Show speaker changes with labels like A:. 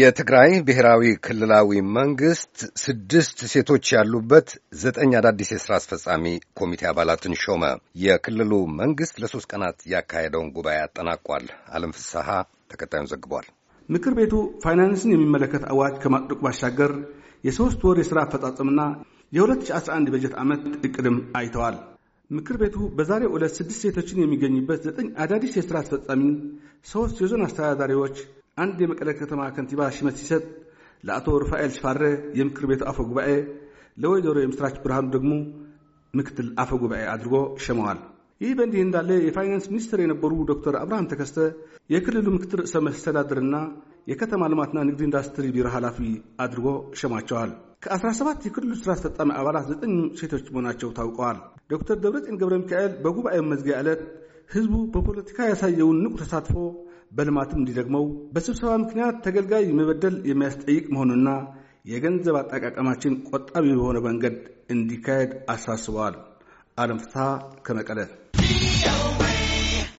A: የትግራይ ብሔራዊ ክልላዊ መንግስት ስድስት ሴቶች ያሉበት
B: ዘጠኝ አዳዲስ የሥራ አስፈጻሚ ኮሚቴ አባላትን ሾመ። የክልሉ መንግሥት ለሦስት ቀናት ያካሄደውን ጉባኤ አጠናቋል። አለም ፍስሐ ተከታዩን ዘግቧል።
C: ምክር ቤቱ ፋይናንስን የሚመለከት አዋጅ ከማጽደቁ ባሻገር የሦስት ወር የሥራ አፈጻጸምና የ2011 በጀት ዓመት ዕቅድም አይተዋል። ምክር ቤቱ በዛሬው ዕለት ስድስት ሴቶችን የሚገኝበት ዘጠኝ አዳዲስ የሥራ አስፈጻሚ፣ ሦስት የዞን አስተዳዳሪዎች፣ አንድ የመቀለ ከተማ ከንቲባ ሽመት ሲሰጥ ለአቶ ሩፋኤል ሽፋሬ የምክር ቤቱ አፈ ጉባኤ፣ ለወይዘሮ የምስራች ብርሃኑ ደግሞ ምክትል አፈ ጉባኤ አድርጎ ሸመዋል። ይህ በእንዲህ እንዳለ የፋይናንስ ሚኒስትር የነበሩ ዶክተር አብርሃም ተከስተ የክልሉ ምክትል ርዕሰ መስተዳድርና የከተማ ልማትና ንግድ ኢንዱስትሪ ቢሮ ኃላፊ አድርጎ ሸማቸዋል። ከ17 የክልሉ ስራ አስፈጻሚ አባላት ዘጠኙ ሴቶች መሆናቸው ታውቀዋል። ዶክተር ደብረጽዮን ገብረ ሚካኤል በጉባኤው መዝጊያ ዕለት ህዝቡ በፖለቲካ ያሳየውን ንቁ ተሳትፎ በልማትም እንዲደግመው በስብሰባ ምክንያት ተገልጋይ መበደል የሚያስጠይቅ መሆኑና የገንዘብ አጠቃቀማችን ቆጣቢ በሆነ መንገድ እንዲካሄድ አሳስበዋል። አለም ፍትሃ ከመቀለ